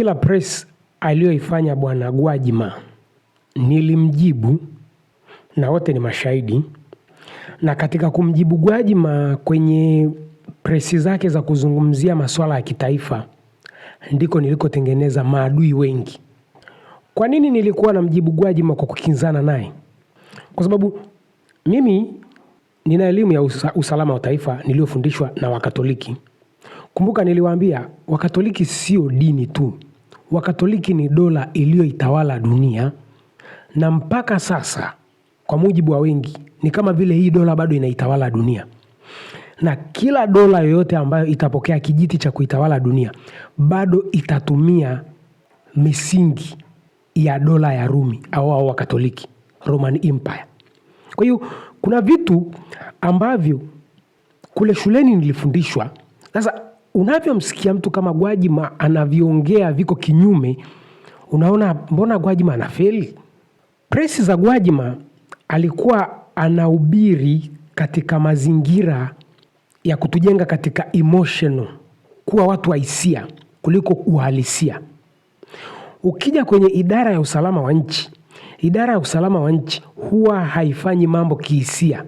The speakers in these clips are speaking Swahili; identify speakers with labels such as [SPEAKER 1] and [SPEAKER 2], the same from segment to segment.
[SPEAKER 1] kila press aliyoifanya bwana Gwajima nilimjibu na wote ni mashahidi. Na katika kumjibu Gwajima kwenye presi zake za kuzungumzia masuala ya kitaifa ndiko nilikotengeneza maadui wengi. Kwa nini nilikuwa namjibu Gwajima kwa kukinzana naye? Kwa sababu mimi nina elimu ya usa, usalama wa taifa niliyofundishwa na Wakatoliki. Kumbuka niliwaambia Wakatoliki sio dini tu, Wakatoliki ni dola iliyoitawala dunia na mpaka sasa, kwa mujibu wa wengi, ni kama vile hii dola bado inaitawala dunia, na kila dola yoyote ambayo itapokea kijiti cha kuitawala dunia bado itatumia misingi ya dola ya Rumi au au Wakatoliki, Roman Empire. Kwa hiyo kuna vitu ambavyo kule shuleni nilifundishwa. Sasa unavyomsikia mtu kama Gwajima anavyoongea viko kinyume, unaona mbona Gwajima anafeli. Presi za Gwajima alikuwa anahubiri katika mazingira ya kutujenga katika emotional, kuwa watu wa hisia kuliko uhalisia. Ukija kwenye idara ya usalama wa nchi, idara ya usalama wa nchi huwa haifanyi mambo kihisia,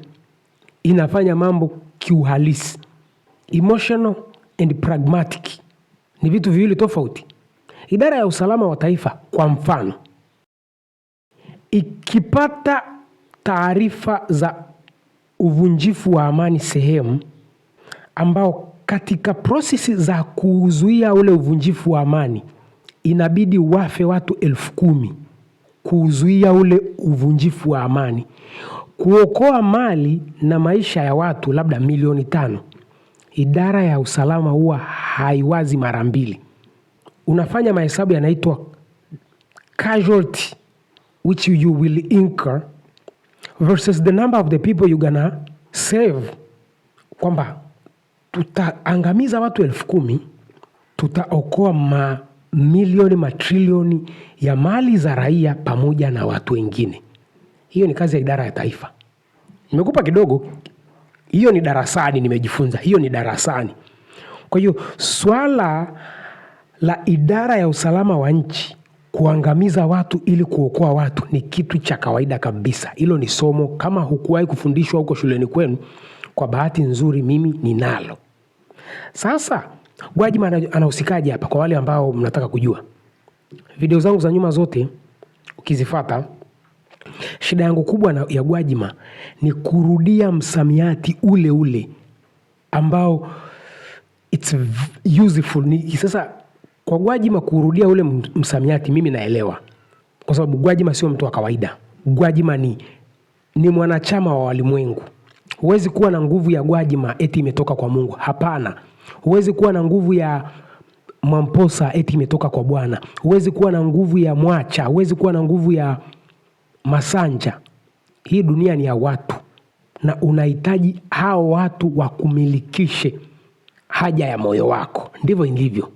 [SPEAKER 1] inafanya mambo kiuhalisi emotional and pragmatic ni vitu viwili tofauti. Idara ya usalama wa taifa kwa mfano, ikipata taarifa za uvunjifu wa amani sehemu ambao katika prosesi za kuzuia ule uvunjifu wa amani inabidi wafe watu elfu kumi kuzuia ule uvunjifu wa amani, kuokoa mali na maisha ya watu labda milioni tano idara ya usalama huwa haiwazi mara mbili. Unafanya mahesabu yanaitwa casualty which you will incur versus the number of the people you gonna save, kwamba tutaangamiza watu elfu kumi tutaokoa mamilioni matrilioni ya mali za raia pamoja na watu wengine. Hiyo ni kazi ya idara ya taifa. Nimekupa kidogo hiyo ni darasani nimejifunza, hiyo ni darasani. Kwa hiyo swala la idara ya usalama wa nchi kuangamiza watu ili kuokoa watu ni kitu cha kawaida kabisa. Hilo ni somo, kama hukuwahi kufundishwa huko shuleni kwenu, kwa bahati nzuri mimi ninalo. Sasa Gwajima anahusikaji hapa? Kwa wale ambao mnataka kujua, video zangu za nyuma zote ukizifata Shida yangu kubwa na ya Gwajima ni kurudia msamiati ule ule ambao it's useful. Ni, sasa kwa Gwajima kurudia ule msamiati mimi naelewa, kwa sababu Gwajima sio mtu wa kawaida. Gwajima ni, ni mwanachama wa walimwengu. Huwezi kuwa na nguvu ya Gwajima eti imetoka kwa Mungu, hapana. Huwezi kuwa na nguvu ya Mwamposa eti imetoka kwa Bwana. Huwezi kuwa na nguvu ya Mwacha, huwezi kuwa na nguvu ya Masanja, hii dunia ni ya watu na unahitaji hao watu wakumilikishe haja ya moyo wako. Ndivyo ilivyo.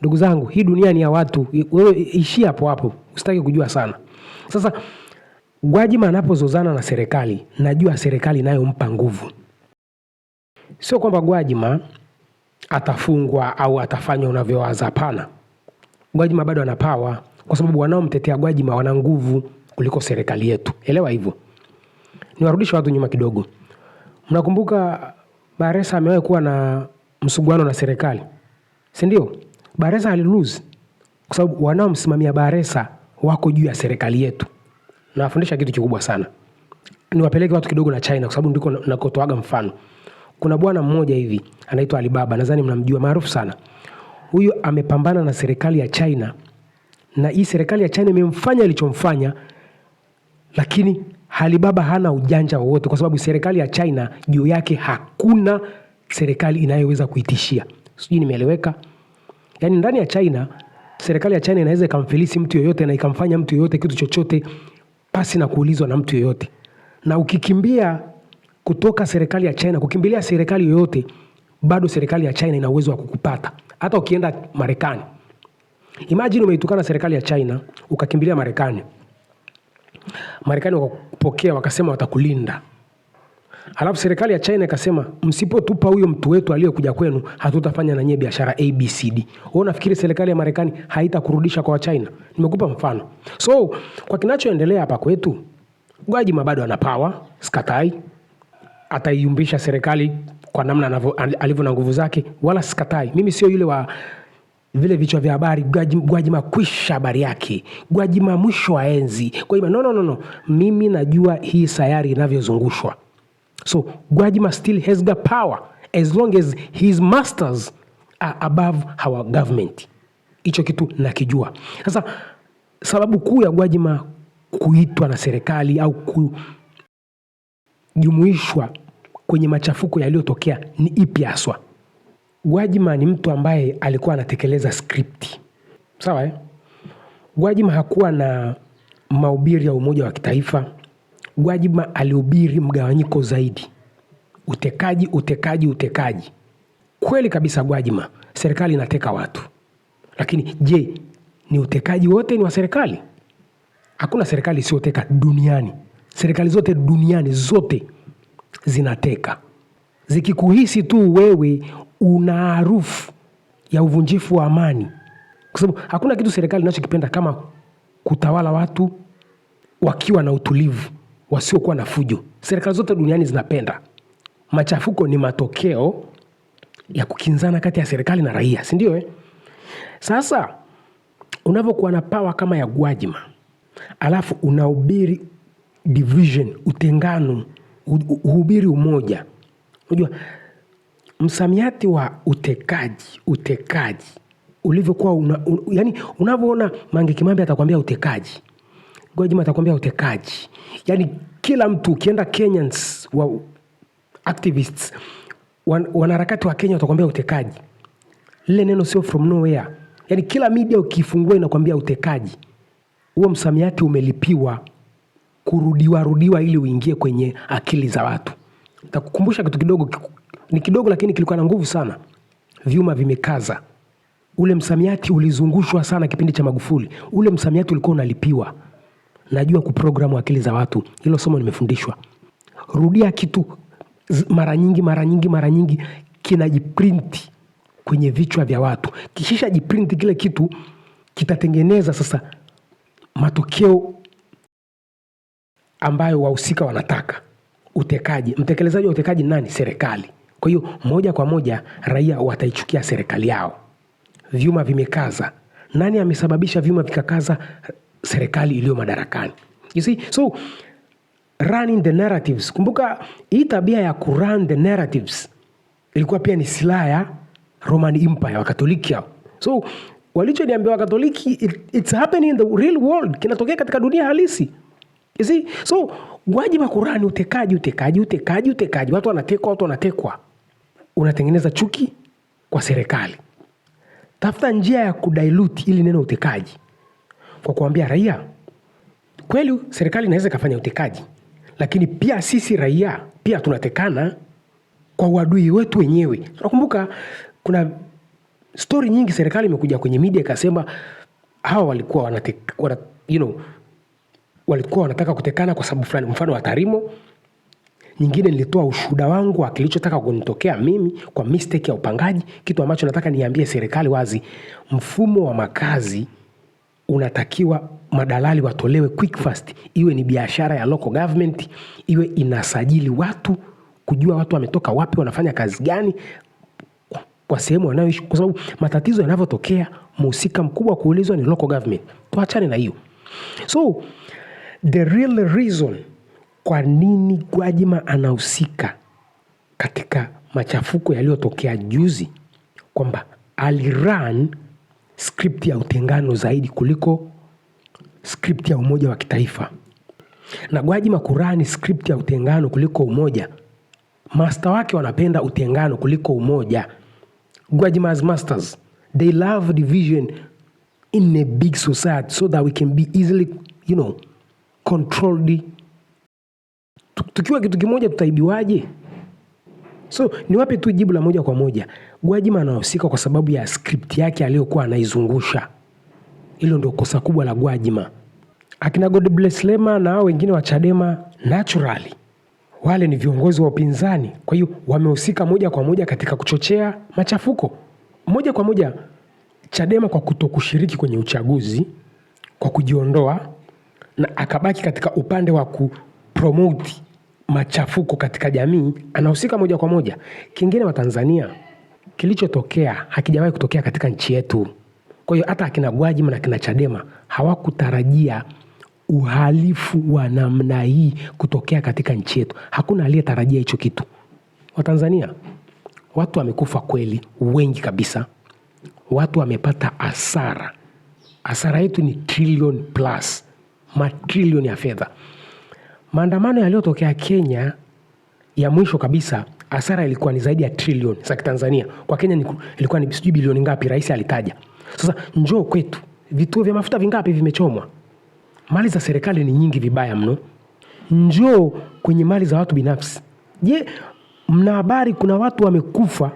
[SPEAKER 1] Ndugu zangu, hii dunia ni ya watu. Wewe ishia hapo hapo, usitaki kujua sana. Sasa Gwajima anapozozana na serikali, najua serikali inayompa nguvu. Sio kwamba Gwajima atafungwa au atafanywa unavyowaza, hapana. Gwajima bado ana power, kwa sababu wanaomtetea Gwajima wana nguvu kuliko serikali yetu. Elewa hivyo. Niwarudishe watu nyuma kidogo. Mnakumbuka Baresa amewahi kuwa na msuguano na serikali, si ndio? Baresa alilose kwa sababu wanaomsimamia Baresa wako juu ya serikali yetu. Nawafundisha kitu kikubwa sana. Niwapeleke watu kidogo na China kwa sababu ndiko nakotoaga mfano. Kuna bwana mmoja hivi anaitwa Alibaba, nadhani mnamjua, maarufu sana. Huyu amepambana na serikali ya China na hii serikali ya China imemfanya alichomfanya lakini Alibaba hana ujanja wowote, kwa sababu serikali ya China juu yake hakuna serikali inayoweza kuitishia. Sijui nimeeleweka? Yaani ndani ya China, serikali ya China inaweza ikamfilisi mtu yoyote na ikamfanya mtu yoyote kitu chochote pasi na kuulizwa na mtu yoyote, na ukikimbia kutoka serikali ya China kukimbilia serikali yoyote, bado serikali ya China ina uwezo wa kukupata hata ukienda Marekani. Imagine umeitukana serikali ya China ukakimbilia Marekani. Marekani wakapokea wakasema watakulinda. Alafu serikali ya China ikasema msipotupa huyo mtu wetu aliyekuja kwenu hatutafanya na nyie biashara ABCD. Wewe nafikiri serikali ya Marekani haitakurudisha kwa China? Nimekupa mfano. So kwa kinachoendelea hapa kwetu, Gwajima bado ana power, sikatai. Ataiumbisha serikali kwa namna alivyo na nguvu zake, wala sikatai. Mimi sio yule wa vile vichwa vya habari Gwajima kwisha habari yake, Gwajima mwisho wa enzi. Kwa hiyo no, no, no, no, mimi najua hii sayari inavyozungushwa, so Gwajima still has the power as long as his masters are above our government. Hicho kitu nakijua. Sasa sababu kuu ya Gwajima kuitwa na serikali au kujumuishwa kwenye machafuko yaliyotokea ni ipi haswa? Gwajima ni mtu ambaye alikuwa anatekeleza skripti. Sawa eh? Gwajima hakuwa na mahubiri ya umoja wa kitaifa. Gwajima alihubiri mgawanyiko zaidi, utekaji, utekaji, utekaji. Kweli kabisa, Gwajima serikali inateka watu, lakini je, ni utekaji wote ni wa serikali? Hakuna serikali isiyoteka duniani. Serikali zote duniani zote zinateka zikikuhisi tu wewe una harufu ya uvunjifu wa amani, kwa sababu hakuna kitu serikali inachokipenda kama kutawala watu wakiwa na utulivu, wasiokuwa na fujo. Serikali zote duniani zinapenda machafuko. Ni matokeo ya kukinzana kati ya serikali na raia, si ndio? Eh, sasa unavyokuwa na pawa kama ya Gwajima alafu unahubiri division, utengano, uhubiri umoja Unajua, msamiati wa utekaji, utekaji ulivyokuwa una, un, yani unavyoona Mange Kimambi atakwambia utekaji, Gwajima atakwambia utekaji, yani kila mtu ukienda Kenyans wa activists wan, wanaharakati wa Kenya watakwambia utekaji. Lile neno sio from nowhere, yani kila media ukifungua inakwambia utekaji. Huo msamiati umelipiwa kurudiwa rudiwa ili uingie kwenye akili za watu. Nitakukumbusha kitu kidogo, ni kidogo lakini kilikuwa na nguvu sana. Vyuma vimekaza. Ule msamiati ulizungushwa sana kipindi cha Magufuli. Ule msamiati ulikuwa unalipiwa. Najua kuprogramu akili za watu. Hilo somo nimefundishwa. Rudia kitu mara nyingi mara nyingi mara nyingi, kinajiprinti kwenye vichwa vya watu. Kishisha jiprinti kile kitu kitatengeneza sasa matokeo ambayo wahusika wanataka utekaji. Mtekelezaji wa utekaji nani? Serikali. Kwa hiyo moja kwa moja raia wataichukia serikali yao. Vyuma vimekaza. Nani amesababisha vyuma vikakaza? Serikali iliyo madarakani. You see? So running the narratives. Kumbuka hii tabia ya ku run the narratives ilikuwa pia ni silaha ya Roman Empire wa Katoliki hao. So walichoniambia wa Katoliki, it, it's happening in the real world, kinatokea katika dunia halisi. You see? So wajibu wa Qur'ani utekaji, utekaji, utekaji, utekaji. Watu wanatekwa, watu wanatekwa. Unatengeneza chuki kwa serikali. Tafuta njia ya kudiluti ili neno utekaji kwa kuambia raia kweli, serikali inaweza ikafanya utekaji, lakini pia sisi raia pia tunatekana kwa uadui wetu wenyewe. Tunakumbuka kuna stori nyingi serikali imekuja kwenye media ikasema hawa walikuwa wanateka, wana, you know, walikuwa wanataka kutekana kwa sababu fulani, mfano wa Tarimo. Nyingine nilitoa ushuhuda wangu wa kilichotaka kunitokea mimi kwa mistake ya upangaji, kitu ambacho nataka niambie serikali wazi. Mfumo wa makazi unatakiwa madalali watolewe quick fast, iwe ni biashara ya local government, iwe inasajili watu kujua watu wametoka wapi, wanafanya kazi gani kwa sehemu wanayoishi, kwa sababu matatizo yanavyotokea, mhusika mkubwa wa kuulizwa ni local government. Tuachane na hiyo so the real reason kwa nini Gwajima anahusika katika machafuko yaliyotokea juzi, kwamba aliran script ya utengano zaidi kuliko script ya umoja wa kitaifa. Na Gwajima kurani script ya utengano kuliko umoja, masta wake wanapenda utengano kuliko umoja. Gwajima's masters they love division in a big society so that we can be easily you know controlled. Tukiwa kitu kimoja tutaibiwaje? So ni wape tu jibu la moja kwa moja, Gwajima anahusika kwa sababu ya script yake aliyokuwa anaizungusha. Hilo ndio kosa kubwa la Gwajima. Akina God bless Lema na wengine wa Chadema naturally wale ni viongozi wa upinzani, kwa hiyo wamehusika moja kwa moja katika kuchochea machafuko moja kwa moja. Chadema kwa kutokushiriki kwenye uchaguzi, kwa kujiondoa na akabaki katika upande wa kupromoti machafuko katika jamii, anahusika moja kwa moja. Kingine Watanzania, kilichotokea hakijawahi kutokea katika nchi yetu. Kwa hiyo hata akina Gwajima na akina Chadema hawakutarajia uhalifu wa namna hii kutokea katika nchi yetu. Hakuna aliyetarajia hicho kitu. Watanzania, watu wamekufa kweli, wengi kabisa. Watu wamepata hasara, hasara yetu ni trillion plus matrilioni ya fedha. Maandamano yaliyotokea Kenya ya mwisho kabisa, hasara ilikuwa ni zaidi ya trilioni za Kitanzania. Kwa Kenya ilikuwa ni sijui bilioni ngapi, rais alitaja. Sasa njoo kwetu, vituo vya mafuta vingapi vimechomwa? Mali za serikali ni nyingi vibaya mno. Njoo kwenye mali za watu binafsi. Je, mna habari kuna watu wamekufa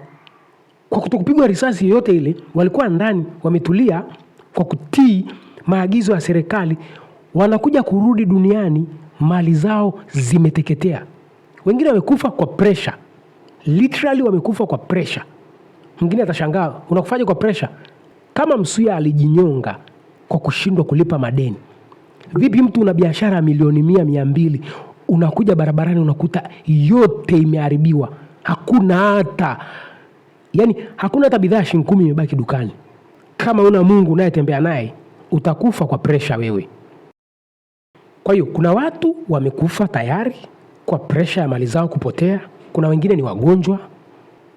[SPEAKER 1] kwa kutokupigwa risasi yoyote ile? Walikuwa ndani wametulia kwa kutii maagizo ya serikali wanakuja kurudi duniani, mali zao zimeteketea. Wengine wamekufa kwa presha, literally wamekufa kwa presha. Mwingine atashangaa unakufaje kwa presha? Kama Msuya alijinyonga kwa kushindwa kulipa madeni, vipi mtu una biashara ya milioni mia mia mbili unakuja barabarani unakuta yote imeharibiwa, hakuna hata yani, hakuna hata bidhaa shilingi imebaki dukani. Kama una Mungu unayetembea naye utakufa kwa presha wewe. Kwa hiyo kuna watu wamekufa tayari kwa presha ya mali zao kupotea, kuna wengine ni wagonjwa.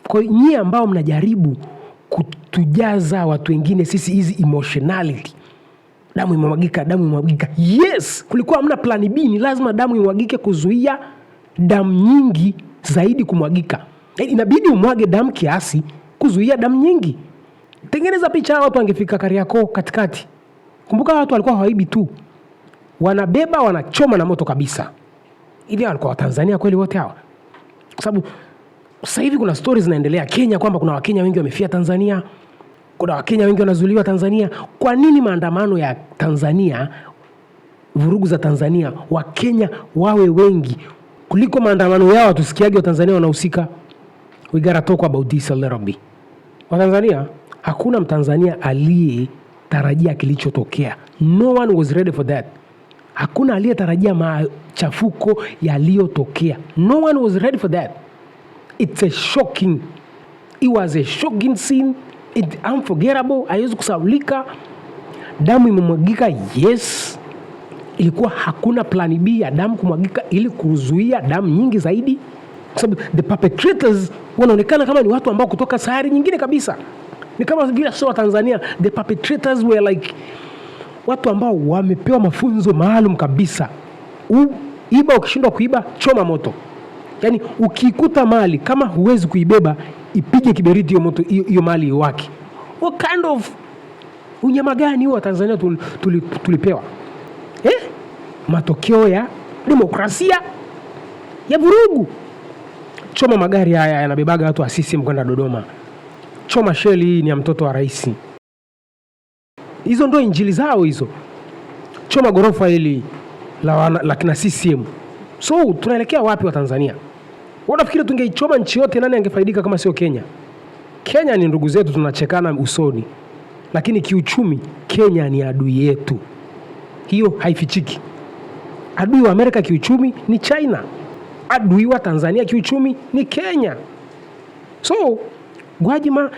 [SPEAKER 1] Kwa hiyo nyie ambao mnajaribu kutujaza watu wengine sisi hizi emotionality damu imemwagika, damu imemwagika. Yes, kulikuwa hamna plani B, ni lazima damu imwagike kuzuia damu nyingi zaidi kumwagika. Eh, inabidi umwage damu kiasi kuzuia damu nyingi. Tengeneza picha, watu wangefika Kariakoo katikati. Kumbuka watu walikuwa hawaibi tu, wanabeba wanachoma na moto kabisa. Hivi walikuwa Watanzania kweli wote hawa? Kwa sababu sasa hivi kuna stori zinaendelea Kenya kwamba kuna Wakenya wengi wamefia Tanzania, kuna Wakenya wengi wanazuliwa Tanzania. Kwa nini maandamano ya Tanzania, vurugu za Tanzania, Wakenya wawe wengi kuliko maandamano yao? Hatusikiagi Watanzania wanahusika. We gotta talk about this a little bit. Watanzania, hakuna Mtanzania aliyetarajia kilichotokea. No one was ready for that. Hakuna aliyetarajia machafuko yaliyotokea. No one was ready for that. It's a shocking. It was a shocking scene. It unforgettable, haiwezi kusaulika. Damu imemwagika, yes. Ilikuwa hakuna plani B ya damu kumwagika ili kuzuia damu nyingi zaidi, kwa sababu the perpetrators wanaonekana kama ni watu ambao kutoka sayari nyingine kabisa, ni kama vile sio Watanzania. The perpetrators were like watu ambao wamepewa mafunzo maalum kabisa. U, iba ukishindwa kuiba choma moto, yaani ukikuta mali kama huwezi kuibeba ipige kiberiti hiyo moto, hiyo mali iwake. What kind of unyama gani huo Tanzania tul, tul, tulipewa eh? Matokeo ya demokrasia ya vurugu. Choma magari haya yanabebaga watu wa CCM kwenda Dodoma. Choma sheli hii ni ya mtoto wa rahisi hizo ndio injili zao hizo. Choma gorofa hili la, kina CCM. So tunaelekea wapi wa Tanzania? Wanafikiri tungeichoma nchi yote, nani angefaidika kama sio Kenya? Kenya ni ndugu zetu, tunachekana usoni, lakini kiuchumi Kenya ni adui yetu, hiyo haifichiki. Adui wa Amerika kiuchumi ni China, adui wa Tanzania kiuchumi ni Kenya. So Gwajima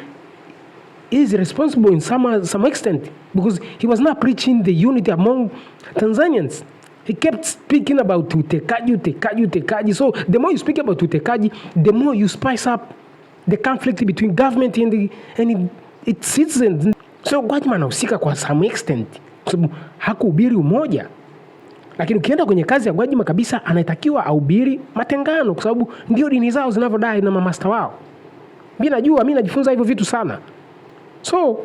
[SPEAKER 1] is responsible in some, some extent because he was not preaching the unity among Tanzanians. He kept speaking about utekaji, utekaji, utekaji. So the more you speak about utekaji, the more you spice up the conflict between government and, the, and its citizens. So Gwajima anahusika kwa some extent kwa sababu hakuhubiri umoja, lakini ukienda kwenye kazi ya Gwajima kabisa, anatakiwa ahubiri matengano, kwa sababu ndio dini zao zinavyodai na mamasta wao. Mi najua, mi najifunza hivyo vitu sana. So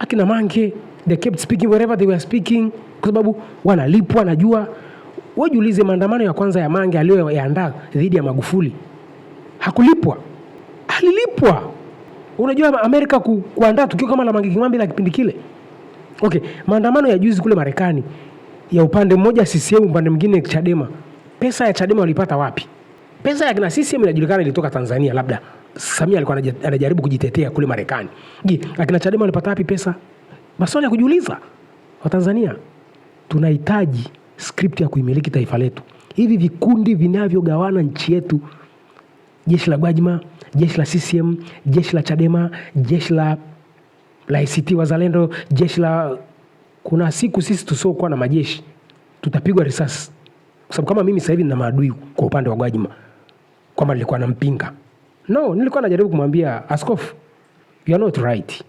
[SPEAKER 1] akina Mange they kept speaking wherever they were speaking, kwa sababu wanalipwa. Najua wajiulize, maandamano ya kwanza ya Mange aliyoyaandaa dhidi ya Magufuli hakulipwa, alilipwa. Unajua Amerika ku, kuandaa tukio kama la Mange Kimambi la kipindi kile okay. Maandamano ya juzi kule Marekani ya upande mmoja CCM, upande mwingine Chadema, pesa ya Chadema walipata wapi? Pesa ya kina CCM inajulikana ilitoka Tanzania labda Samia alikuwa anajaribu kujitetea kule Marekani. Je, akina Chadema walipata wapi pesa? Maswali ya kujiuliza. Watanzania, tunahitaji script ya kuimiliki taifa letu. Hivi vikundi vinavyogawana nchi yetu, jeshi la Gwajima, jeshi la CCM, jeshi la Chadema, jeshi la la ACT Wazalendo, jeshi la kuna siku sisi tusiokuwa na majeshi tutapigwa risasi, kwa sababu kama mimi sasa hivi nina maadui kwa upande wa Gwajima kwamba nilikuwa nampinga. No, nilikuwa najaribu kumwambia askofu, you are not right.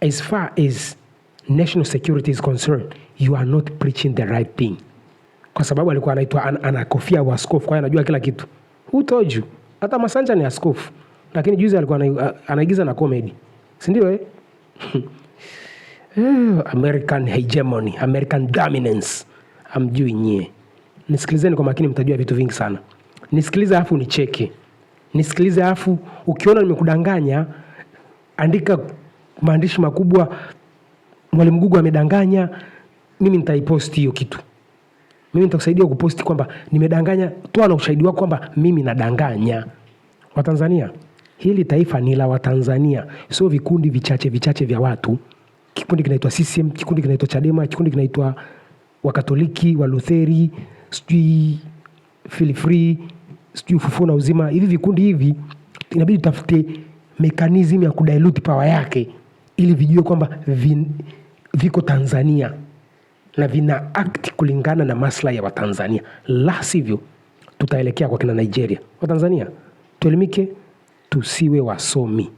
[SPEAKER 1] As far as national security is concerned, you are not preaching the right thing. Kwa sababu alikuwa anaitwa anakofia wa askofu, kwa hiyo anajua kila kitu. Who told you? Hata Masanja ni askofu, lakini juzi alikuwa anaigiza na comedy, si ndio eh? Oh, American hegemony, American dominance. Amjui nyie. Nisikilizeni kwa makini, mtajua vitu vingi sana. Nisikilize alafu nicheke nisikilize, alafu ukiona nimekudanganya andika maandishi makubwa, Mwalimu Gugu amedanganya, mimi nitaiposti hiyo kitu, mimi nitakusaidia kuposti kwamba nimedanganya. Toa na ushahidi wako kwamba mimi nadanganya. Watanzania, hili taifa ni la Watanzania, sio vikundi vichache vichache vya watu. Kikundi kinaitwa CCM, kikundi kinaitwa Chadema, kikundi kinaitwa Wakatoliki, Walutheri, sijui Feel Free sijui ufufuo na uzima, hivi vikundi hivi inabidi tafute mekanism ya kudailuti pawa yake ili vijue kwamba vin, viko Tanzania na vina act kulingana na maslahi ya Watanzania, la sivyo tutaelekea kwa kina Nigeria. Watanzania tuelimike, tusiwe wasomi.